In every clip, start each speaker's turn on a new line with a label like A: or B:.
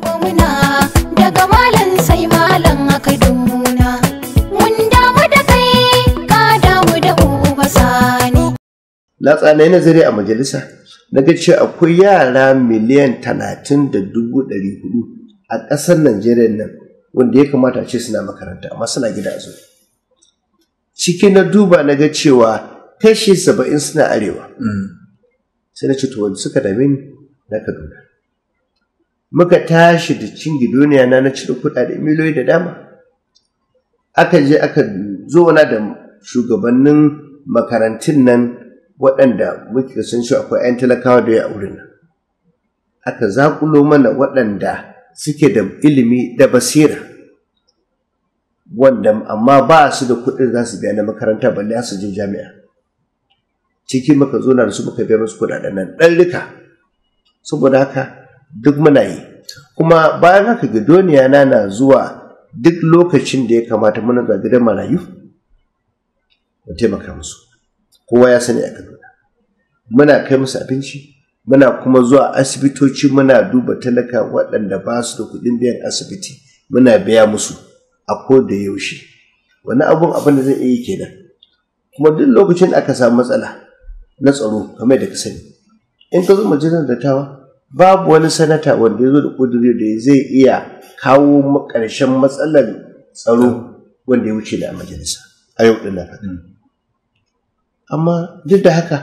A: muna na tsanai nazari a majalisa na ga ce akwai yara miliyan talatin da dubu ɗari hudu a ƙasar najeriya nan wanda ya kamata ce suna makaranta amma suna gida zo ciki na duba na ga cewa kashi saba'in suna arewa mm. sai na ce to wanda suka dame ni na kaduna muka tashi da cingidoniya na na cire kuɗaɗe miliyoyi da dama aka je aka zo na da shugabannin makarantun nan waɗanda muke sun shi akwai 'yan talakawa da ya wurin nan aka zaƙulo mana waɗanda suke da ilimi da basira wanda amma ba su da kuɗin za su biya na makaranta balle su je jami'a ciki muka zo na da su muka biya musu kuɗaɗen nan ɗan rika saboda haka duk muna yi kuma bayan haka duniya na na zuwa duk lokacin da ya kamata muna ga gidan marayu mu taimaka musu kowa ya sani a kaduna muna kai musu abinci muna kuma zuwa asibitoci muna duba talaka waɗanda ba su da kuɗin biyan asibiti muna biya musu a ko da yaushe wani abun abin da zai iya kenan kuma duk lokacin aka samu matsala na tsaro kamar da ka sani in ka zo majalisar tawa? babu wani sanata wanda ya zo da ƙudiri da zai iya kawo ƙarshen matsalar tsaro wanda ya wuce da a majalisa a yau ɗin mm. amma duk da haka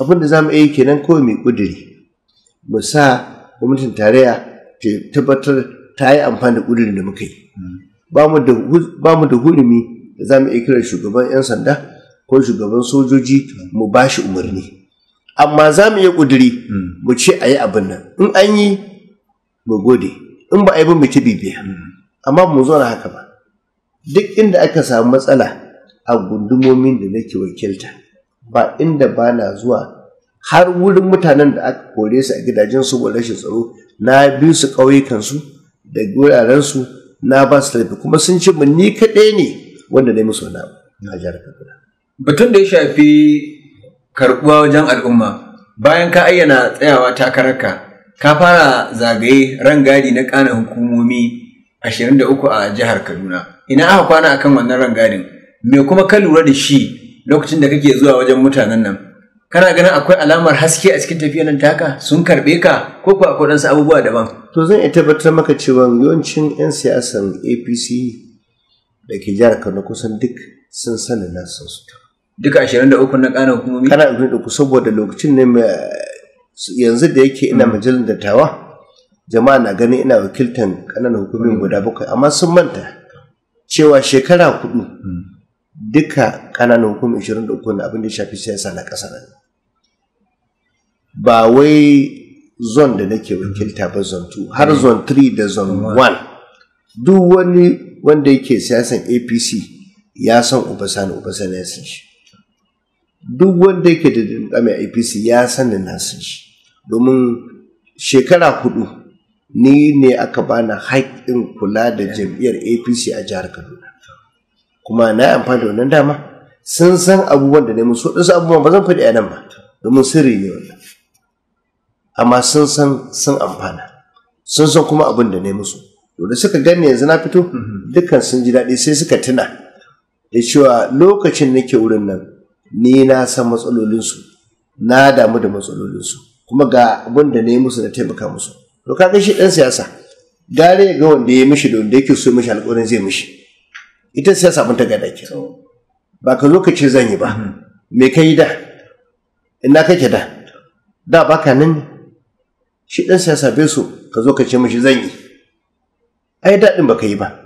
A: abinda da za mu iya kenan kawai mai ƙudiri mu sa gwamnatin tarayya ta tabbatar ta yi amfani da ƙudirin da muka yi mm. ba mu da hurumi da za mu iya kiran shugaban 'yan sanda ko shugaban sojoji mu ba shi umarni amma za mu iya ƙuduri hmm. mu ce a yi abin nan in an yi mu gode in ba a yi ba mu ta bibiya hmm. amma mu zo na haka ba duk inda aka samu matsala a gundumomin da nake wakilta ba inda ba na zuwa har wurin mutanen da aka kore su a gidajen su ba rashin tsaro na bi su ƙauyukansu da wuraren su na ba su laifi kuma sun ce ni kaɗai ne wanda na yi musu na jihar batun da ya shafi Karbuwa wajen al'umma bayan ka ayyana tsayawa takararka ka fara zagaye rangadi na ƙanan hukumomi 23 a jihar kaduna ina aka kwana akan wannan rangadin me kuma ka lura da shi lokacin da kake zuwa wajen mutanen nan kana ganin akwai alamar haske a cikin tafiyar nan taka sun karɓe ka ko kuwa akwai ɗansu abubuwa daban to zan iya tabbatar maka cewa yawancin 'yan siyasan apc da ke jihar kano kusan duk sun sani na sun su duka 23 na ƙanan hukumomi kana 23 saboda lokacin ne yanzu da yake ina hmm. da tawa jama'a na gani ina wakiltan ƙananan hukumomi hmm. guda bakwai amma sun manta cewa shekara kudu hmm. duka ƙananan hukumomi 23 na abin da shafi siyasa na ƙasa ba wai zon da nake wakilta ba zon 2 har zon 3 da zon 1 duk wani wanda yake siyasan apc ya san ubasani ubasani ya san shi duk wanda yake da dinkamin apc ya sani na san shi domin shekara hudu ni ne aka bani haƙƙin kula da jam'iyyar apc a jihar kaduna kuma na yi amfani da wannan dama sun san abubuwan da nemi so ɗansu abubuwan ba zan faɗi a nan ba domin sirri ne wannan amma sun san sun amfana sun san kuma abin da nemi so to da suka gani yanzu na fito mhm. dukkan sun ji daɗi sai suka tuna da cewa lokacin nake wurin nan ni na san matsalolinsu na damu da matsalolinsu kuma ga abin da na yi musu da taimaka musu to ka ga shi ɗan siyasa gare ya ga wanda ya yi mishi da wanda yake so mishi alƙawarin zai mishi ita siyasa abin ta gada ke ba ka zo ka ce zan yi ba mhm. me ka yi da ina kake da da baka nan shi ɗan siyasa bai so ka zo ka ce mishi zan yi ai daɗin baka yi ba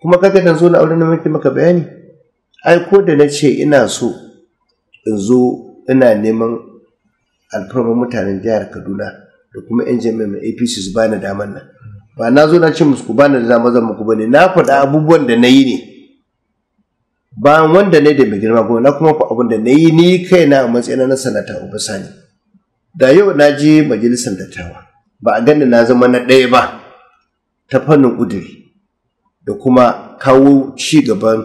A: kuma kaga dan zo na aure na maka bayani ai ko da na ce ina so in zo ina neman alfarmar mutanen jihar kaduna da kuma yan jami'a mai apc su bani damar nan ba na zo na ce musu ku bani da damar zan muku bane na faɗa abubuwan da na yi ne bayan wanda ne da mai girma goma na kuma fa abin da na yi ni kaina a matsayin na sanata sani da yau na je majalisar dattawa ba a ganin na zama na ɗaya ba ta fannin ƙuduri da kuma kawo ci gaban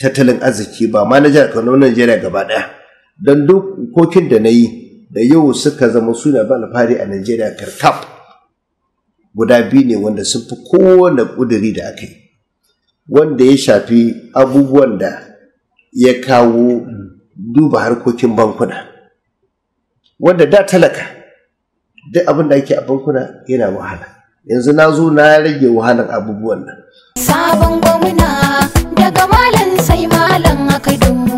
A: tattalin arziki ba ma na jihar kano najeriya gaba ɗaya don duk kokin da na yi da yau suka zama suna ba alfahari a Najeriya karkaf guda biyu ne wanda sun fi kowane ƙuduri da aka yi wanda ya shafi abubuwan da ya kawo duba harkokin bankuna wanda da talaka duk abin da ake a bankuna yana wahala yanzu na zo na rage wahalar abubuwan nan sabon gwamna daga malam sai malam aka duba